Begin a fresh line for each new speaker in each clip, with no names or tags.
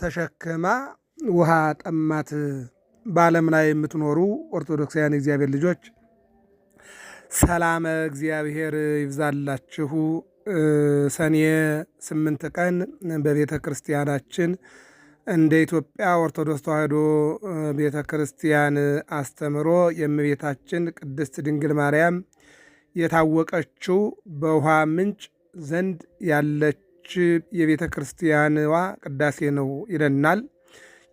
ተሸክማ ውሃ ጠማት። በዓለም ላይ የምትኖሩ ኦርቶዶክሳውያን እግዚአብሔር ልጆች ሰላመ እግዚአብሔር ይብዛላችሁ። ሰኔ ስምንት ቀን በቤተ ክርስቲያናችን እንደ ኢትዮጵያ ኦርቶዶክስ ተዋሕዶ ቤተ ክርስቲያን አስተምሮ የእመቤታችን ቅድስት ድንግል ማርያም የታወቀችው በውሃ ምንጭ ዘንድ ያለች የቤተ ክርስቲያንዋ ቅዳሴ ነው ይለናል።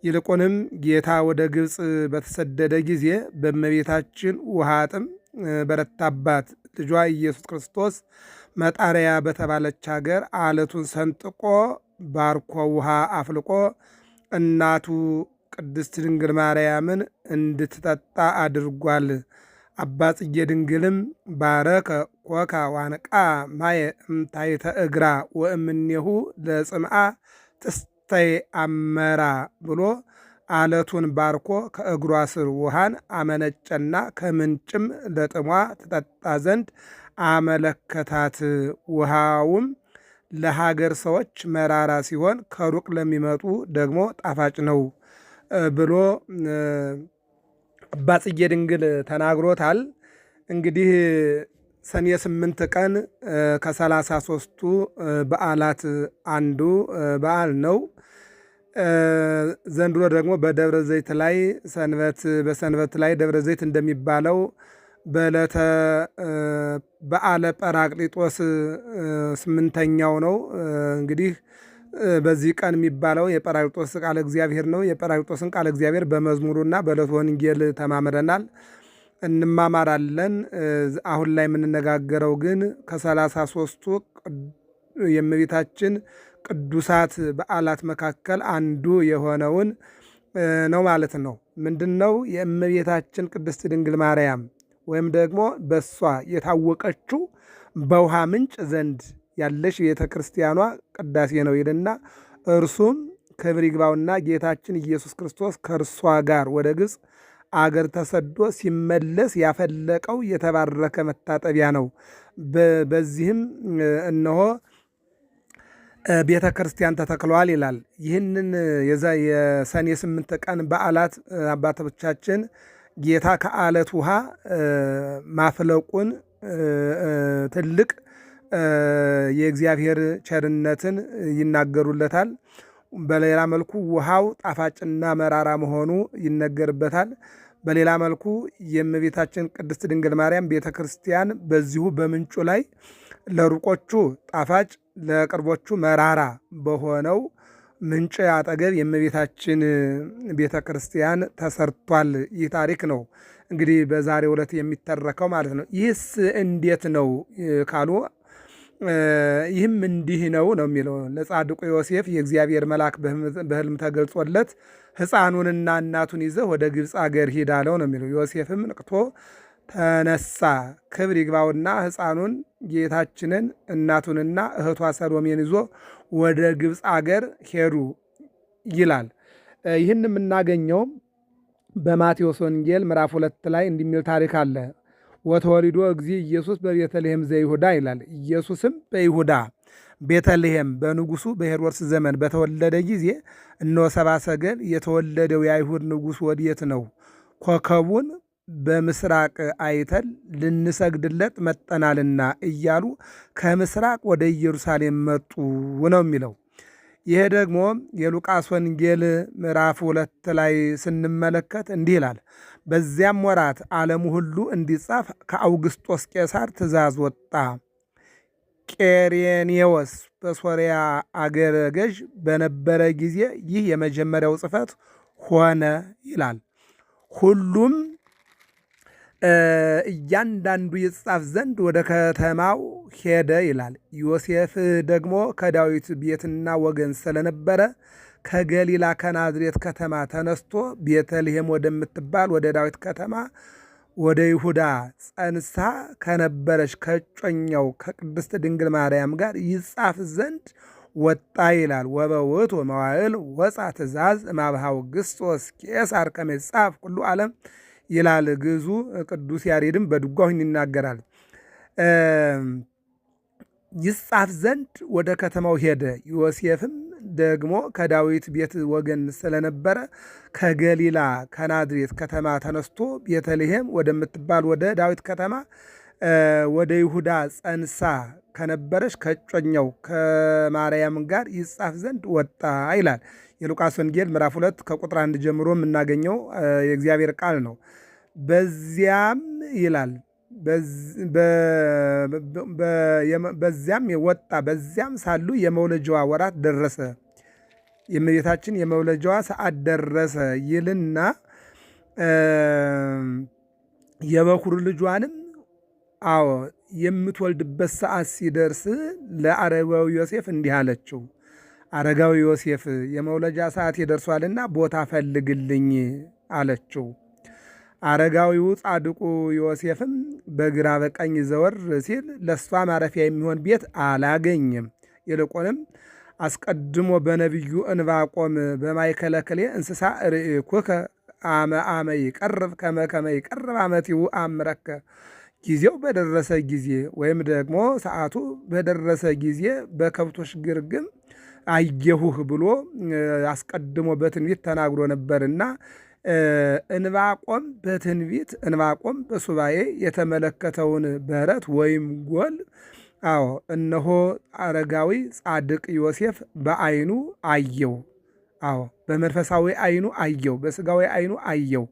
ይልቁንም ጌታ ወደ ግብፅ በተሰደደ ጊዜ በእመቤታችን ውሃ ጥም በረታባት። ልጇ ኢየሱስ ክርስቶስ መጣሪያ በተባለች ሀገር አለቱን ሰንጥቆ ባርኮ ውሃ አፍልቆ እናቱ ቅድስት ድንግል ማርያምን እንድትጠጣ አድርጓል። አባ ድንግልም ባረከ ኮካ ዋንቃ ማየ እምታይተ እግራ ወእምኔሁ ለጽምአ ትስተይ አመራ ብሎ አለቱን ባርኮ ከእግሯ ስር ውሃን አመነጨና ከምንጭም ለጥሟ ትጠጣ ዘንድ አመለከታት። ውሃውም ለሀገር ሰዎች መራራ ሲሆን ከሩቅ ለሚመጡ ደግሞ ጣፋጭ ነው ብሎ አባ ጽጌ ድንግል ተናግሮታል። እንግዲህ ሰኔ ስምንት ቀን ከሰላሳ ሶስቱ በዓላት አንዱ በዓል ነው። ዘንድሮ ደግሞ በደብረ ዘይት ላይ ሰንበት በሰንበት ላይ ደብረ ዘይት እንደሚባለው በዕለተ በዓለ ጰራቅሊጦስ ስምንተኛው ነው እንግዲህ በዚህ ቀን የሚባለው የጰራቅሊጦስ ቃለ እግዚአብሔር ነው። የጰራቅሊጦስን ቃለ እግዚአብሔር በመዝሙሩና በዕለቱ ወንጌል ተማምረናል፣ እንማማራለን። አሁን ላይ የምንነጋገረው ግን ከሰላሳ ሶስቱ የእመቤታችን ቅዱሳት በዓላት መካከል አንዱ የሆነውን ነው ማለት ነው። ምንድን ነው የእመቤታችን ቅድስት ድንግል ማርያም ወይም ደግሞ በሷ የታወቀችው በውሃ ምንጭ ዘንድ ያለሽ ቤተ ክርስቲያኗ ቅዳሴ ነው ይልና እርሱም ክብር ይግባውና ጌታችን ኢየሱስ ክርስቶስ ከእርሷ ጋር ወደ ግብፅ አገር ተሰዶ ሲመለስ ያፈለቀው የተባረከ መታጠቢያ ነው። በዚህም እነሆ ቤተ ክርስቲያን ተተክሏል ይላል። ይህንን የሰኔ ስምንት ቀን በዓላት አባቶቻችን ጌታ ከአለት ውሃ ማፍለቁን ትልቅ የእግዚአብሔር ቸርነትን ይናገሩለታል። በሌላ መልኩ ውሃው ጣፋጭና መራራ መሆኑ ይነገርበታል። በሌላ መልኩ የእመቤታችን ቅድስት ድንግል ማርያም ቤተ ክርስቲያን በዚሁ በምንጩ ላይ ለሩቆቹ ጣፋጭ ለቅርቦቹ መራራ በሆነው ምንጭ አጠገብ የእመቤታችን ቤተ ክርስቲያን ተሰርቷል። ይህ ታሪክ ነው እንግዲህ በዛሬው ዕለት የሚተረከው ማለት ነው። ይህስ እንዴት ነው ካሉ ይህም እንዲህ ነው ነው የሚለው ለጻድቁ ዮሴፍ የእግዚአብሔር መልአክ በህልም ተገልጾለት ሕፃኑንና እናቱን ይዘህ ወደ ግብፅ አገር ሂድ አለው ነው የሚለው። ዮሴፍም ንቅቶ ተነሳ፣ ክብር ይግባውና ሕፃኑን ጌታችንን እናቱንና እህቷ ሰሎሜን ይዞ ወደ ግብፅ አገር ሄዱ ይላል። ይህን የምናገኘው በማቴዎስ ወንጌል ምዕራፍ ሁለት ላይ እንዲህ የሚል ታሪክ አለ። ወተወሊዶ እግዚእ ኢየሱስ በቤተልሔም ዘይሁዳ ይላል። ኢየሱስም በይሁዳ ቤተልሔም በንጉሱ በሄሮድስ ዘመን በተወለደ ጊዜ እነሆ ሰብአ ሰገል የተወለደው የአይሁድ ንጉሥ ወዴት ነው? ኮከቡን በምስራቅ አይተን ልንሰግድለት መጠናልና እያሉ ከምስራቅ ወደ ኢየሩሳሌም መጡ ነው የሚለው። ይሄ ደግሞ የሉቃስ ወንጌል ምዕራፍ ሁለት ላይ ስንመለከት እንዲህ ይላል በዚያም ወራት ዓለሙ ሁሉ እንዲጻፍ ከአውግስጦስ ቄሳር ትእዛዝ ወጣ። ቄሬኔዎስ በሶርያ አገረ ገዥ በነበረ ጊዜ ይህ የመጀመሪያው ጽፈት ሆነ ይላል። ሁሉም እያንዳንዱ ይጻፍ ዘንድ ወደ ከተማው ሄደ ይላል። ዮሴፍ ደግሞ ከዳዊት ቤትና ወገን ስለነበረ ከገሊላ ከናዝሬት ከተማ ተነስቶ ቤተልሔም ወደምትባል ወደ ዳዊት ከተማ ወደ ይሁዳ ጸንሳ ከነበረች ከጮኛው ከቅድስት ድንግል ማርያም ጋር ይጻፍ ዘንድ ወጣ ይላል። ወበውት ወመዋእል ወፃ ትእዛዝ ማብሃው ግስጦስ ቄሳር ከመ ይጻፍ ሁሉ ዓለም ይላል ግዙ ቅዱስ ያሬድም በድጓሁን ይናገራል። ይጻፍ ዘንድ ወደ ከተማው ሄደ። ዮሴፍም ደግሞ ከዳዊት ቤት ወገን ስለነበረ ከገሊላ ከናዝሬት ከተማ ተነስቶ ቤተልሔም ወደምትባል ወደ ዳዊት ከተማ ወደ ይሁዳ ጸንሳ ከነበረች ከጮኛው ከማርያም ጋር ይጻፍ ዘንድ ወጣ ይላል። የሉቃስ ወንጌል ምዕራፍ ሁለት ከቁጥር አንድ ጀምሮ የምናገኘው የእግዚአብሔር ቃል ነው። በዚያም ይላል በዚያም የወጣ በዚያም ሳሉ የመውለጃዋ ወራት ደረሰ፣ የእመቤታችን የመውለጃዋ ሰዓት ደረሰ ይልና የበኩር ልጇንም አዎ የምትወልድበት ሰዓት ሲደርስ ለአረጋዊ ዮሴፍ እንዲህ አለችው። አረጋዊ ዮሴፍ የመውለጃ ሰዓት ይደርሷልና ቦታ ፈልግልኝ አለችው። አረጋዊው ጻድቁ ዮሴፍም በግራ በቀኝ ዘወር ሲል ለእሷ ማረፊያ የሚሆን ቤት አላገኝም። ይልቁንም አስቀድሞ በነቢዩ እንባቆም በማይከለ ክሌ እንስሳ ርኢኩከ አመ አመ ይቀርብ ከመ ከመ ይቀርብ አመቲሁ አምረከ ጊዜው በደረሰ ጊዜ ወይም ደግሞ ሰዓቱ በደረሰ ጊዜ በከብቶች ግርግም አየሁህ ብሎ አስቀድሞ በትንቢት ተናግሮ ነበርና እንባቆም በትንቢት እንባቆም በሱባኤ የተመለከተውን በረት ወይም ጎል አዎ እነሆ አረጋዊ ጻድቅ ዮሴፍ በአይኑ አየው። አዎ በመንፈሳዊ አይኑ አየው፣ በስጋዊ አይኑ አየው።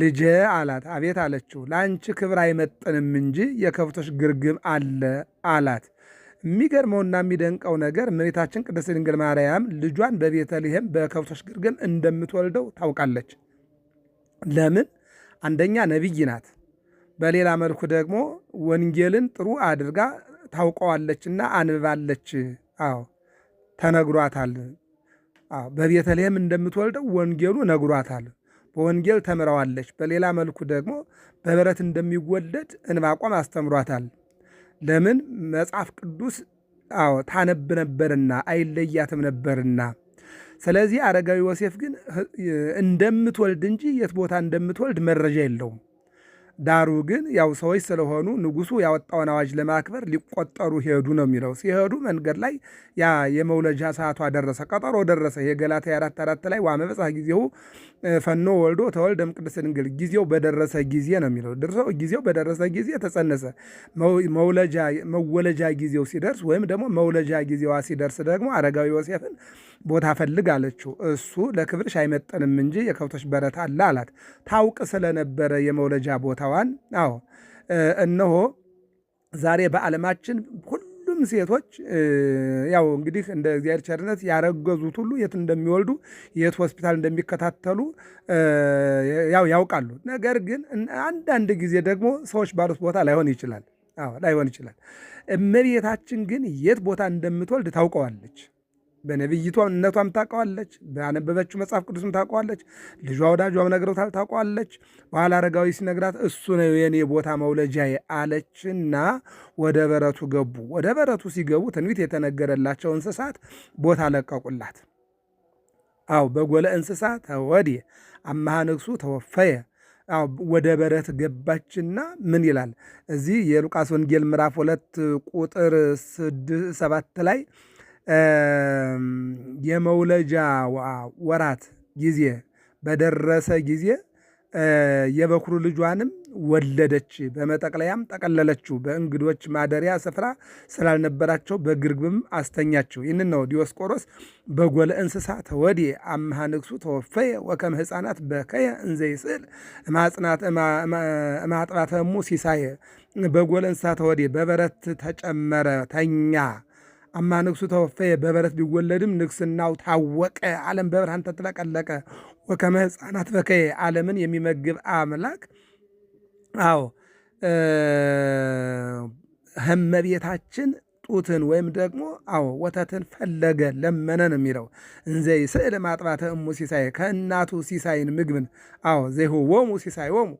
ልጄ አላት። አቤት አለችው። ለአንቺ ክብር አይመጥንም እንጂ የከብቶች ግርግም አለ አላት። የሚገርመውና የሚደንቀው ነገር እመቤታችን ቅድስት ድንግል ማርያም ልጇን በቤተልሔም በከብቶች ግርግም እንደምትወልደው ታውቃለች። ለምን? አንደኛ ነቢይ ናት። በሌላ መልኩ ደግሞ ወንጌልን ጥሩ አድርጋ ታውቀዋለችና አንብባለች። አዎ ተነግሯታል። በቤተልሔም እንደምትወልደው ወንጌሉ ነግሯታል። በወንጌል ተምረዋለች። በሌላ መልኩ ደግሞ በበረት እንደሚወለድ እንባቆም አስተምሯታል። ለምን? መጽሐፍ ቅዱስ አዎ ታነብ ነበርና አይለያትም ነበርና ስለዚህ አረጋዊ ዮሴፍ ግን እንደምትወልድ እንጂ የት ቦታ እንደምትወልድ መረጃ የለውም። ዳሩ ግን ያው ሰዎች ስለሆኑ ንጉሱ ያወጣውን አዋጅ ለማክበር ሊቆጠሩ ሄዱ ነው የሚለው። ሲሄዱ መንገድ ላይ ያ የመውለጃ ሰዓቷ ደረሰ፣ ቀጠሮ ደረሰ። የገላትያ አራት አራት ላይ ዋመበጻህ ጊዜው ፈኖ ወልዶ ተወልደም ቅድስት ድንግል ጊዜው በደረሰ ጊዜ ነው የሚለው ድርሰው ጊዜው በደረሰ ጊዜ ተጸነሰ። መወለጃ ጊዜው ሲደርስ ወይም ደግሞ መውለጃ ጊዜዋ ሲደርስ ደግሞ አረጋዊ ዮሴፍን ቦታ ፈልግ አለችው። እሱ ለክብርሽ አይመጠንም እንጂ የከብቶች በረት አለ አላት። ታውቅ ስለነበረ የመውለጃ ቦታዋን አዎ እነሆ ዛሬ በዓለማችን ሁሉም ሴቶች ያው እንግዲህ እንደ እግዚአብሔር ቸርነት ያረገዙት ሁሉ የት እንደሚወልዱ የት ሆስፒታል እንደሚከታተሉ ያው ያውቃሉ። ነገር ግን አንዳንድ ጊዜ ደግሞ ሰዎች ባሉት ቦታ ላይሆን ይችላል። ላይሆን ይችላል። እመቤታችን ግን የት ቦታ እንደምትወልድ ታውቀዋለች። በነቢይቷነቷም ታውቀዋለች፣ ባነበበችው መጽሐፍ ቅዱስም ታውቀዋለች። ልጇ ወዳጇም ነግረውታል፣ ታውቀዋለች። በኋላ አረጋዊ ሲነግራት እሱ ነው የኔ ቦታ መውለጃዬ አለችና ወደ በረቱ ገቡ። ወደ በረቱ ሲገቡ ትንቢት የተነገረላቸው እንስሳት ቦታ ለቀቁላት። አው በጎለ እንስሳ ተወዴ አመሃ ንግሱ ተወፈየ ወደ በረት ገባችና ምን ይላል እዚህ የሉቃስ ወንጌል ምዕራፍ ሁለት ቁጥር ሰባት ላይ የመውለጃ ወራት ጊዜ በደረሰ ጊዜ የበኩሩ ልጇንም ወለደች። በመጠቅለያም ጠቀለለችው። በእንግዶች ማደሪያ ስፍራ ስላልነበራቸው በግርግብም አስተኛችው። ይህን ነው ዲዮስቆሮስ በጎለ እንስሳ ተወዴ አምሃ ንግሱ ተወፈየ ወከም ህፃናት በከየ እንዘይ ስዕል ማጥናተሙ ሲሳየ በጎለ እንስሳ ተወዴ በበረት ተጨመረ ተኛ አማ ንግሱ ተወፈየ በበረት ቢወለድም ንግስናው ታወቀ። ዓለም በብርሃን ተጥለቀለቀ። ወከመ ሕፃናት በከየ ዓለምን የሚመግብ አምላክ አዎ እመቤታችን ጡትን ወይም ደግሞ አዎ ወተትን ፈለገ ለመነ ነው የሚለው። እንዘይ ስዕል ማጥባተ እሙ ሲሳይ ከእናቱ ሲሳይን ምግብን አዎ ዘይሁ ወሙ ሲሳይ ወሙ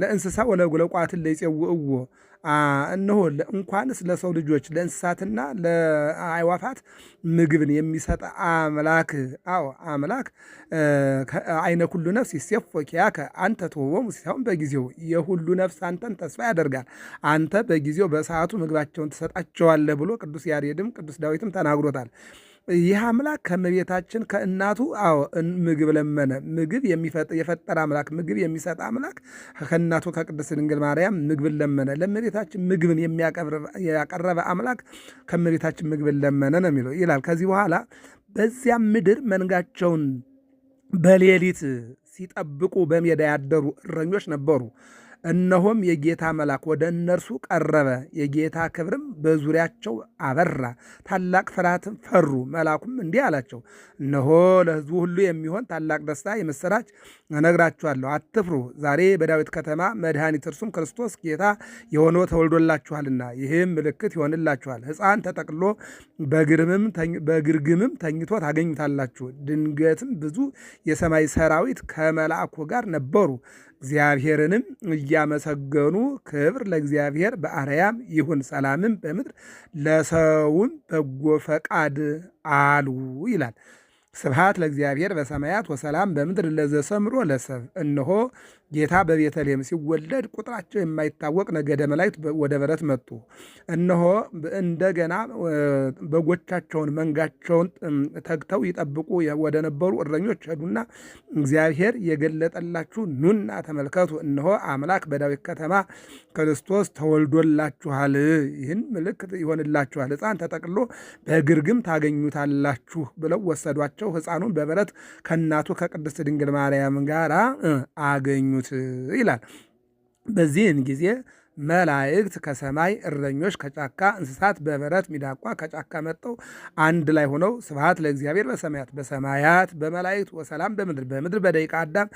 ለእንስሳ ወለጉለቋትን ለይፄውእዎ እነሆ እንኳንስ ለሰው ልጆች ለእንስሳትና ለአይዋፋት ምግብን የሚሰጥ አምላክ አዎ አምላክ አይነ ሁሉ ነፍስ ይሴፎ አንተ ትሁቦሙ ሲሳሁን በጊዜው የሁሉ ነፍስ አንተን ተስፋ ያደርጋል አንተ በጊዜው በሰዓቱ ምግባቸውን ትሰጣቸዋለህ ብሎ ቅዱስ ያሬድም ቅዱስ ዳዊትም ተናግሮታል። ይህ አምላክ ከመቤታችን ከእናቱ አዎ ምግብ ለመነ። ምግብ የፈጠረ አምላክ ምግብ የሚሰጥ አምላክ ከእናቱ ከቅድስት ድንግል ማርያም ምግብን ለመነ። ለመቤታችን ምግብን ያቀረበ አምላክ ከመቤታችን ምግብን ለመነ ነው የሚለው ይላል። ከዚህ በኋላ በዚያም ምድር መንጋቸውን በሌሊት ሲጠብቁ በሜዳ ያደሩ እረኞች ነበሩ። እነሆም የጌታ መልአክ ወደ እነርሱ ቀረበ፣ የጌታ ክብርም በዙሪያቸው አበራ፣ ታላቅ ፍርሃትም ፈሩ። መልአኩም እንዲህ አላቸው፣ እነሆ ለሕዝቡ ሁሉ የሚሆን ታላቅ ደስታ የምሥራች እነግራችኋለሁ፣ አትፍሩ። ዛሬ በዳዊት ከተማ መድኃኒት እርሱም ክርስቶስ ጌታ የሆነው ተወልዶላችኋልና፣ ይህም ምልክት ይሆንላችኋል፣ ሕፃን ተጠቅሎ በግርግምም ተኝቶ ታገኙታላችሁ። ድንገትም ብዙ የሰማይ ሰራዊት ከመልአኩ ጋር ነበሩ እግዚአብሔርንም እያመሰገኑ ክብር ለእግዚአብሔር በአርያም ይሁን ሰላምም በምድር ለሰውም በጎ ፈቃድ አሉ ይላል። ስብሐት ለእግዚአብሔር በሰማያት ወሰላም በምድር ለዘሰምሮ ለሰብ እነሆ ጌታ በቤተልሔም ሲወለድ ቁጥራቸው የማይታወቅ ነገደ መላእክት ወደ በረት መጡ። እነሆ እንደገና በጎቻቸውን መንጋቸውን ተግተው ይጠብቁ ወደ ነበሩ እረኞች ሄዱና እግዚአብሔር የገለጠላችሁ ኑና ተመልከቱ፣ እነሆ አምላክ በዳዊት ከተማ ክርስቶስ ተወልዶላችኋል፣ ይህን ምልክት ይሆንላችኋል፣ ሕፃን ተጠቅሎ በግርግም ታገኙታላችሁ ብለው ወሰዷቸው። ሕፃኑን በበረት ከእናቱ ከቅድስት ድንግል ማርያም ጋር አገኙ። ይላል። በዚህን ጊዜ መላእክት ከሰማይ እረኞች ከጫካ እንስሳት በበረት ሚዳቋ ከጫካ መጠው አንድ ላይ ሆነው ስብሐት ለእግዚአብሔር በሰማያት በሰማያት በመላእክት ወሰላም በምድር በምድር በደቂቀ አዳም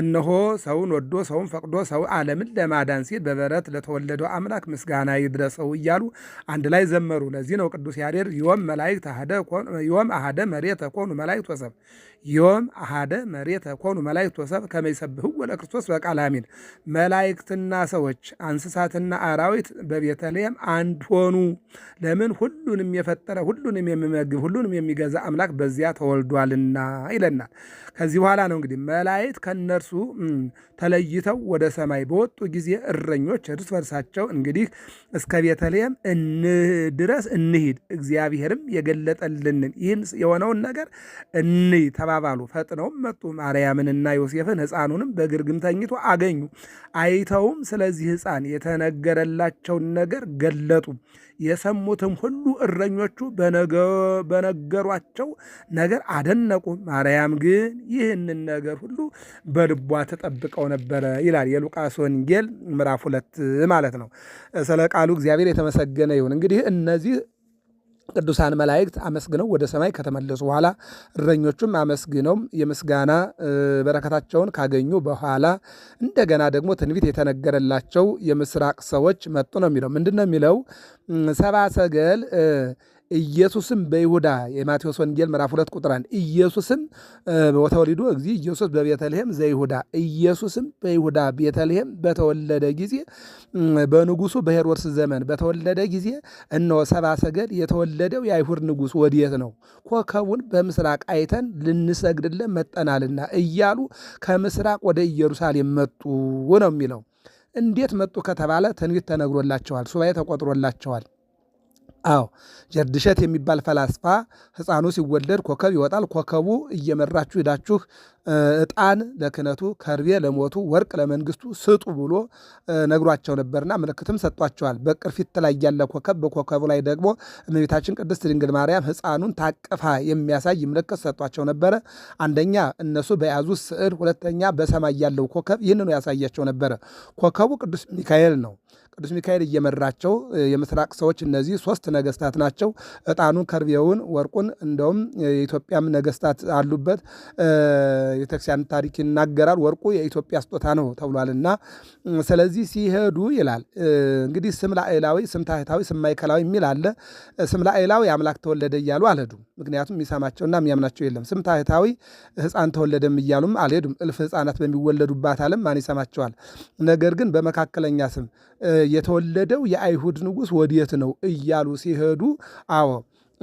እነሆ ሰውን ወዶ ሰውን ፈቅዶ ሰው ዓለምን ለማዳን ሲል በበረት ለተወለደው አምላክ ምስጋና ይድረሰው እያሉ አንድ ላይ ዘመሩ። ለዚህ ነው ቅዱስ ያሬድ ዮም መላእክት ዮም አሃደ መሬተ ኮኑ መላእክት ወሰብ ዮም አሃደ መሬተ ኮኑ መላእክት ወሰብ ከመይሰብህዎ ለክርስቶስ በቃል አሚን መላእክትና ሰዎች አንስሳ እንስሳትና አራዊት በቤተልሔም አንድ ሆኑ። ለምን? ሁሉንም የፈጠረ ሁሉንም የሚመግብ ሁሉንም የሚገዛ አምላክ በዚያ ተወልዷልና ይለናል። ከዚህ በኋላ ነው እንግዲህ መላእክት ከነርሱ ተለይተው ወደ ሰማይ በወጡ ጊዜ እረኞች እርስ በርሳቸው እንግዲህ እስከ ቤተልሔም ድረስ እንሂድ፣ እግዚአብሔርም የገለጠልንን ይህን የሆነውን ነገር እንይ ተባባሉ። ፈጥነውም መጡ። ማርያምንና ዮሴፍን ሕፃኑንም በግርግም ተኝቶ አገኙ። አይተውም ስለዚህ ሕፃን የተነገረላቸውን ነገር ገለጡ። የሰሙትም ሁሉ እረኞቹ በነገሯቸው ነገር አደነቁ። ማርያም ግን ይህንን ነገር ሁሉ በልቧ ተጠብቀው ነበረ ይላል የሉቃስ ወንጌል ምዕራፍ ሁለት ማለት ነው። ስለ ቃሉ እግዚአብሔር የተመሰገነ ይሁን። እንግዲህ እነዚህ ቅዱሳን መላእክት አመስግነው ወደ ሰማይ ከተመለሱ በኋላ እረኞቹም አመስግነው የምስጋና በረከታቸውን ካገኙ በኋላ እንደገና ደግሞ ትንቢት የተነገረላቸው የምስራቅ ሰዎች መጡ ነው የሚለው። ምንድን ነው የሚለው? ሰብአ ሰገል ኢየሱስም በይሁዳ የማቴዎስ ወንጌል ምዕራፍ ሁለት ቁጥር አንድ ኢየሱስም ወተወሊዱ እግዚ ኢየሱስ በቤተልሔም ዘይሁዳ ኢየሱስም በይሁዳ ቤተልሔም በተወለደ ጊዜ በንጉሱ በሄሮድስ ዘመን በተወለደ ጊዜ እነሆ ሰብአ ሰገል የተወለደው የአይሁድ ንጉሥ ወዴት ነው? ኮከቡን በምስራቅ አይተን ልንሰግድለን መጠናልና እያሉ ከምስራቅ ወደ ኢየሩሳሌም መጡ ነው የሚለው። እንዴት መጡ ከተባለ ትንቢት ተነግሮላቸዋል። ሱባኤ ተቆጥሮላቸዋል። አዎ ጀርድሸት የሚባል ፈላስፋ ህፃኑ ሲወለድ ኮከብ ይወጣል፣ ኮከቡ እየመራችሁ ሄዳችሁ እጣን ለክነቱ ከርቤ ለሞቱ፣ ወርቅ ለመንግስቱ ስጡ ብሎ ነግሯቸው ነበርና ምልክትም ሰጧቸዋል። በቅርፊት ላይ ያለ ኮከብ፣ በኮከቡ ላይ ደግሞ እመቤታችን ቅድስት ድንግል ማርያም ህፃኑን ታቅፋ የሚያሳይ ምልክት ሰጧቸው ነበረ። አንደኛ እነሱ በያዙት ስዕል፣ ሁለተኛ በሰማይ ያለው ኮከብ ይህንኑ ያሳያቸው ነበረ። ኮከቡ ቅዱስ ሚካኤል ነው። ቅዱስ ሚካኤል እየመራቸው የምስራቅ ሰዎች እነዚህ ሶስት ነገስታት ናቸው። እጣኑን፣ ከርቤውን፣ ወርቁን እንደውም የኢትዮጵያም ነገስታት አሉበት የተክሲያን ታሪክ ይናገራል። ወርቁ የኢትዮጵያ ስጦታ ነው ተብሏልና ስለዚህ ሲሄዱ ይላል እንግዲህ ስም ላዕላዊ፣ ስም ታህታዊ፣ ስም ማይከላዊ የሚል አለ። ስም ላዕላዊ አምላክ ተወለደ እያሉ አልሄዱም። ምክንያቱም የሚሰማቸውና የሚያምናቸው የለም። ስም ታህታዊ ህፃን ተወለደም እያሉም አልሄዱም። እልፍ ህፃናት በሚወለዱባት ዓለም ማን ይሰማቸዋል? ነገር ግን በመካከለኛ ስም የተወለደው የአይሁድ ንጉሥ ወዴት ነው እያሉ ሲሄዱ፣ አዎ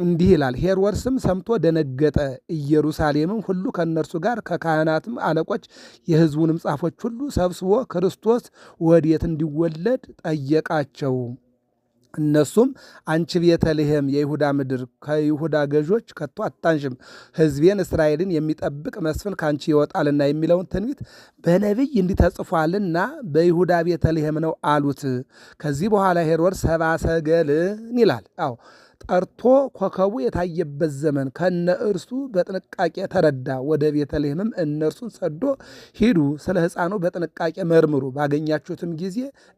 እንዲህ ይላል። ሄሮድስም ሰምቶ ደነገጠ። ኢየሩሳሌምም ሁሉ ከእነርሱ ጋር ከካህናትም አለቆች የሕዝቡንም ጻፎች ሁሉ ሰብስቦ ክርስቶስ ወዴት እንዲወለድ ጠየቃቸው። እነሱም አንቺ ቤተልሔም የይሁዳ ምድር ከይሁዳ ገዦች ከቶ አታንሽም፣ ሕዝቤን እስራኤልን የሚጠብቅ መስፍን ከአንቺ ይወጣልና የሚለውን ትንቢት በነቢይ እንዲህ ተጽፏልና በይሁዳ ቤተልሔም ነው አሉት። ከዚህ በኋላ ሄሮድስ ሰብአ ሰገልን ይላል። አዎ ጠርቶ ኮከቡ የታየበት ዘመን ከነ እርሱ በጥንቃቄ ተረዳ። ወደ ቤተልሔምም እነርሱን ሰዶ ሂዱ፣ ስለ ሕፃኑ በጥንቃቄ መርምሩ፣ ባገኛችሁትም ጊዜ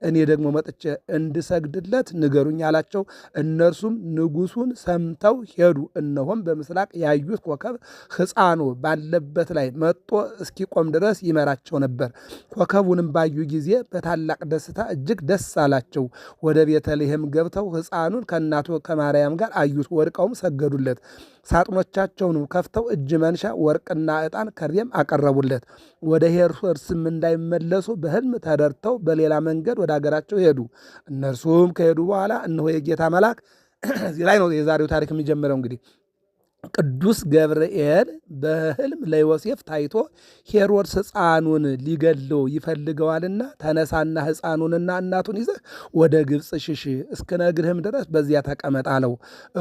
እኔ ደግሞ መጥቼ እንድሰግድለት ንገሩኝ አላቸው። እነርሱም ንጉሱን ሰምተው ሄዱ። እነሆም በምስራቅ ያዩት ኮከብ ሕፃኑ ባለበት ላይ መጦ እስኪቆም ድረስ ይመራቸው ነበር። ኮከቡንም ባዩ ጊዜ በታላቅ ደስታ እጅግ ደስ አላቸው። ወደ ቤተልሔም ገብተው ሕፃኑን ከእናቱ ከማርያም ማርያም ጋር አዩት፣ ወድቀውም ሰገዱለት። ሳጥኖቻቸውንም ከፍተው እጅ መንሻ ወርቅና ዕጣን ከርቤም አቀረቡለት። ወደ ሄሮድስም እንዳይመለሱ በሕልም ተደርተው በሌላ መንገድ ወደ አገራቸው ሄዱ። እነርሱም ከሄዱ በኋላ እነሆ የጌታ መልአክ እዚህ ላይ ነው የዛሬው ታሪክ የሚጀምረው እንግዲህ ቅዱስ ገብርኤል በሕልም ለዮሴፍ ታይቶ ሄሮድስ ሕፃኑን ሊገለው ይፈልገዋልና ተነሳና ሕፃኑንና እናቱን ይዘህ ወደ ግብፅ ሽሽ እስክነግርህም ድረስ በዚያ ተቀመጥ አለው።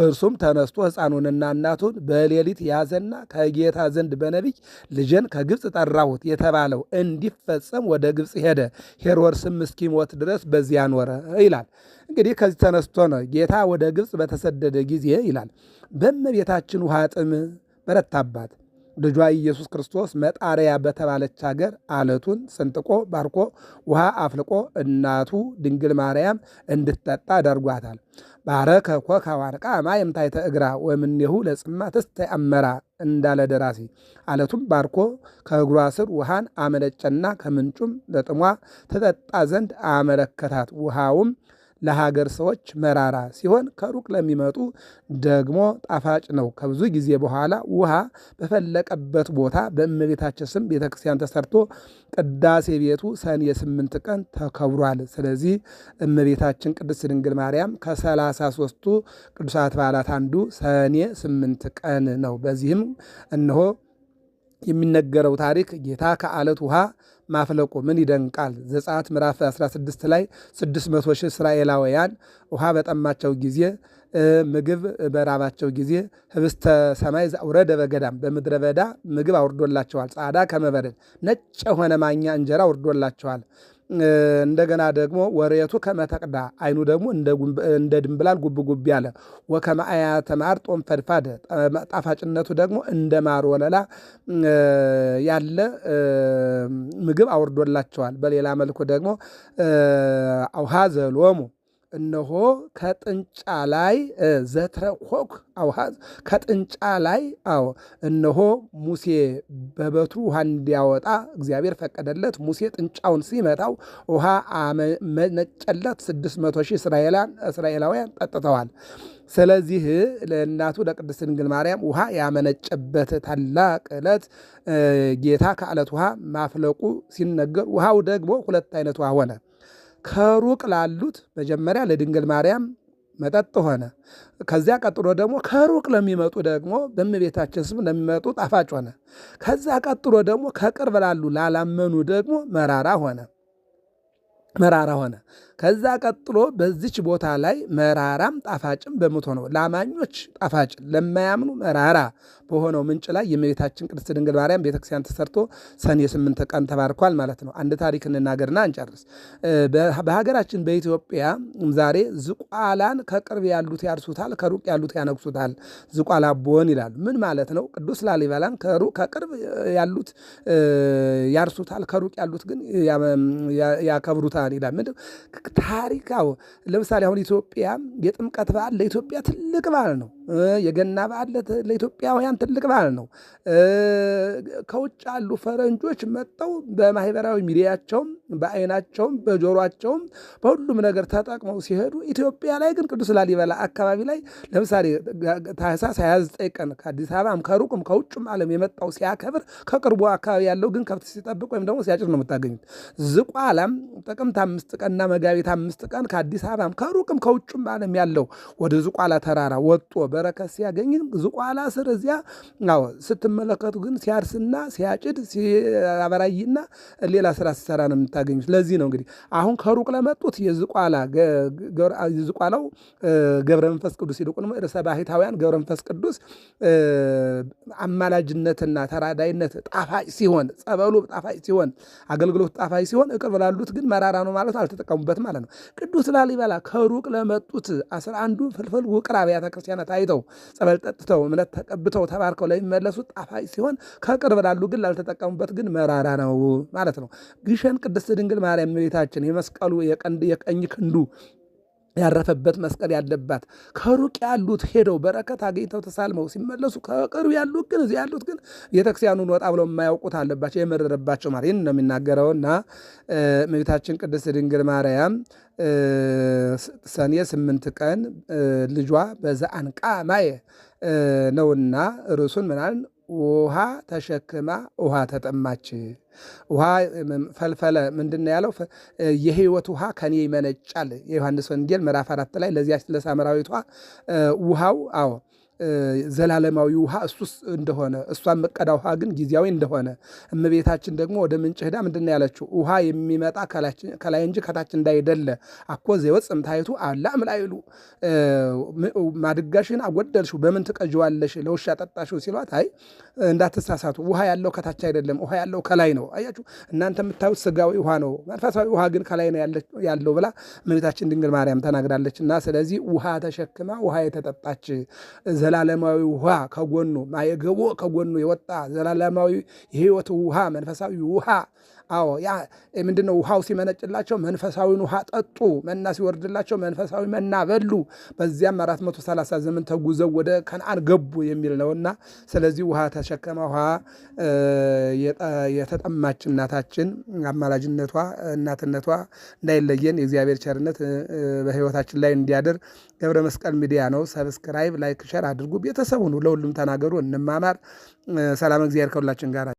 እርሱም ተነስቶ ሕፃኑንና እናቱን በሌሊት ያዘና ከጌታ ዘንድ በነቢይ ልጄን ከግብፅ ጠራሁት የተባለው እንዲፈጸም ወደ ግብፅ ሄደ። ሄሮድስም እስኪሞት ድረስ በዚያ ኖረ ይላል። እንግዲህ ከዚህ ተነስቶ ነው ጌታ ወደ ግብፅ በተሰደደ ጊዜ ይላል በእመቤታችን ውሃ ጥም በረታባት። ልጇ ኢየሱስ ክርስቶስ መጣሪያ በተባለች ሀገር አለቱን ሰንጥቆ ባርኮ ውሃ አፍልቆ እናቱ ድንግል ማርያም እንድትጠጣ አደርጓታል። ባረከ ኮከ ዋርቃ ማየም ታይተ እግራ ወምኔሁ ለጽማ ትስተ አመራ እንዳለ ደራሲ። አለቱም ባርኮ ከእግሯ ስር ውሃን አመነጨና ከምንጩም ለጥሟ ተጠጣ ዘንድ አመለከታት። ውሃውም ለሀገር ሰዎች መራራ ሲሆን ከሩቅ ለሚመጡ ደግሞ ጣፋጭ ነው። ከብዙ ጊዜ በኋላ ውሃ በፈለቀበት ቦታ በእመቤታችን ስም ቤተክርስቲያን ተሰርቶ ቅዳሴ ቤቱ ሰኔ ስምንት ቀን ተከብሯል። ስለዚህ እመቤታችን ቅድስት ድንግል ማርያም ከሰላሳ ሦስቱ ቅዱሳት በዓላት አንዱ ሰኔ ስምንት ቀን ነው። በዚህም እነሆ የሚነገረው ታሪክ ጌታ ከዓለት ውሃ ማፍለቁ ምን ይደንቃል? ዘጸአት ምዕራፍ 16 ላይ 600 ሺህ እስራኤላውያን ውሃ በጠማቸው ጊዜ ምግብ በራባቸው ጊዜ ህብስተ ሰማይ ውረደ በገዳም በምድረ በዳ ምግብ አውርዶላቸዋል። ጻዳ ከመበረድ ነጭ የሆነ ማኛ እንጀራ አውርዶላቸዋል። እንደገና ደግሞ ወሬቱ ከመተቅዳ አይኑ ደግሞ እንደ ድንብላል ጉብ ጉብ ያለ ወከመ አያተ ማር ጦም ፈድፋደ ጣፋጭነቱ ደግሞ እንደ ማር ወለላ ያለ ምግብ አውርዶላቸዋል። በሌላ መልኩ ደግሞ አውሃ ዘሎሙ እነሆ ከጥንጫ ላይ ዘተኮክ አውሃዝ ከጥንጫ ላይ አዎ እነሆ ሙሴ በበትሩ ውሃ እንዲያወጣ እግዚአብሔር ፈቀደለት። ሙሴ ጥንጫውን ሲመታው ውሃ መነጨለት። ስድስት መቶ ሺህ እስራኤላውያን ጠጥተዋል። ስለዚህ ለእናቱ ለቅድስት ድንግል ማርያም ውሃ ያመነጨበት ታላቅ ዕለት ጌታ ከዓለት ውሃ ማፍለቁ ሲነገር ውሃው ደግሞ ሁለት አይነት ውሃ ሆነ። ከሩቅ ላሉት መጀመሪያ ለድንግል ማርያም መጠጥ ሆነ። ከዚያ ቀጥሎ ደግሞ ከሩቅ ለሚመጡ ደግሞ በእመቤታችን ስም ለሚመጡ ጣፋጭ ሆነ። ከዚያ ቀጥሎ ደግሞ ከቅርብ ላሉ ላላመኑ ደግሞ መራራ ሆነ መራራ ሆነ። ከዛ ቀጥሎ በዚች ቦታ ላይ መራራም ጣፋጭም በምትሆነው ላማኞች ጣፋጭ፣ ለማያምኑ መራራ በሆነው ምንጭ ላይ የእመቤታችን ቅድስት ድንግል ማርያም ቤተክርስቲያን ተሰርቶ ሰኔ ስምንት ቀን ተባርኳል ማለት ነው። አንድ ታሪክ እንናገርና እንጨርስ። በሀገራችን በኢትዮጵያ ዛሬ ዝቋላን ከቅርብ ያሉት ያርሱታል፣ ከሩቅ ያሉት ያነግሱታል። ዝቋላ ቦን ይላሉ። ምን ማለት ነው? ቅዱስ ላሊበላን ከቅርብ ያሉት ያርሱታል፣ ከሩቅ ያሉት ግን ያከብሩታል ይላል። ምንድን ታሪካው ለምሳሌ አሁን ኢትዮጵያ የጥምቀት በዓል ለኢትዮጵያ ትልቅ በዓል ነው። የገና በዓል ለኢትዮጵያውያን ትልቅ በዓል ነው። ከውጭ ያሉ ፈረንጆች መጥተው በማህበራዊ ሚዲያቸውም በአይናቸውም በጆሯቸውም በሁሉም ነገር ተጠቅመው ሲሄዱ ኢትዮጵያ ላይ ግን ቅዱስ ላሊበላ አካባቢ ላይ ለምሳሌ ታህሳስ 29 ቀን ከአዲስ አበባም ከሩቅም ከውጭም ዓለም የመጣው ሲያከብር ከቅርቡ አካባቢ ያለው ግን ከብት ሲጠብቅ ወይም ደግሞ ሲያጭር ነው የምታገኙት። ዝቋላም ጥቅምት አምስት ቀንና መጋቢት አምስት ቀን ከአዲስ አበባም ከሩቅም ከውጭም ዓለም ያለው ወደ ዝቋላ ተራራ ወጦ በረከት ሲያገኝ ዝቋላ ስር እዚያ አዎ ስትመለከቱ ግን ሲያርስና ሲያጭድ ሲያበራይና ሌላ ስራ ሲሰራ ነው የምታገኙት። ለዚህ ነው እንግዲህ አሁን ከሩቅ ለመጡት የዝቋላ ዝቋላው ገብረ መንፈስ ቅዱስ ይልቁንም ርዕሰ ባህታውያን ገብረ መንፈስ ቅዱስ አማላጅነትና ተራዳይነት ጣፋጭ ሲሆን ጸበሉ ጣፋጭ ሲሆን አገልግሎት ጣፋጭ ሲሆን እቅርብ ላሉት ግን መራራ ነው ማለት አልተጠቀሙበት ማለት ነው። ቅዱስ ላሊበላ ከሩቅ ለመጡት አስራ አንዱ ፍልፍል ውቅር አብያተ ክርስቲያናት ተዘጋጅተው ጸበል ጠጥተው እምነት ተቀብተው ተባርከው ለሚመለሱ ጣፋጭ ሲሆን ከቅርብ ላሉ ግን ላልተጠቀሙበት ግን መራራ ነው ማለት ነው። ግሸን ቅድስት ድንግል ማርያም ቤታችን የመስቀሉ የቀኝ ክንዱ ያረፈበት መስቀል ያለባት ከሩቅ ያሉት ሄደው በረከት አግኝተው ተሳልመው ሲመለሱ፣ ከቅርብ ያሉት ግን እዚህ ያሉት ግን ቤተክርስቲያኑን ወጣ ብለው የማያውቁት አለባቸው የመረረባቸው ማለት ይህን ነው የሚናገረውና እመቤታችን ቅድስት ድንግል ማርያም ሰኔ ስምንት ቀን ልጇ በዘአንቃ ማየ ነውና ርዕሱን ምናን ውሃ ተሸክማ ውሃ ተጠማች። ውሃ ፈልፈለ ምንድን ያለው? የህይወት ውሃ ከኔ ይመነጫል። የዮሐንስ ወንጌል ምዕራፍ አራት ላይ ለዚያች ለሳምራዊቷ ውሃው አዎ ዘላለማዊ ውሃ እሱስ እንደሆነ እሷን መቀዳ ውሃ ግን ጊዜያዊ እንደሆነ እመቤታችን ደግሞ ወደ ምንጭ ሄዳ ምንድን ያለችው ውሃ የሚመጣ ከላይ እንጂ ከታች እንዳይደለ አኮ ዘይወፅ እምታይቱ አላ እምላይሉ ማድጋሽን አጎደልሽው በምን ትቀጅዋለሽ ለውሻ ጠጣሽው ሲሏት፣ አይ እንዳትሳሳቱ ውሃ ያለው ከታች አይደለም፣ ውሃ ያለው ከላይ ነው። አያችሁ እናንተ የምታዩት ስጋዊ ውሃ ነው፣ መንፈሳዊ ውሃ ግን ከላይ ነው ያለው ብላ እመቤታችን ድንግል ማርያም ተናግራለች። እና ስለዚህ ውሃ ተሸክማ ውሃ የተጠጣች ዘላለማዊ ውሃ ከጎኑ ማየገቦ ከጎኑ የወጣ ዘላለማዊ የሕይወት ውሃ መንፈሳዊ ውሃ አዎ ያ ምንድነው? ውሃው ሲመነጭላቸው መንፈሳዊን ውሃ ጠጡ፣ መና ሲወርድላቸው መንፈሳዊ መና በሉ። በዚያም 430 ዘመን ተጉዘው ወደ ከነአን ገቡ የሚል ነውና ስለዚህ ውሃ ተሸከመ ውሃ የተጠማች እናታችን አማላጅነቷ እናትነቷ እንዳይለየን የእግዚአብሔር ቸርነት በህይወታችን ላይ እንዲያድር። ገብረ መስቀል ሚዲያ ነው። ሰብስክራይብ፣ ላይክ፣ ሸር አድርጉ። ቤተሰቡን ለሁሉም ተናገሩ። እንማማር። ሰላም እግዚአብሔር ከሁላችን ጋር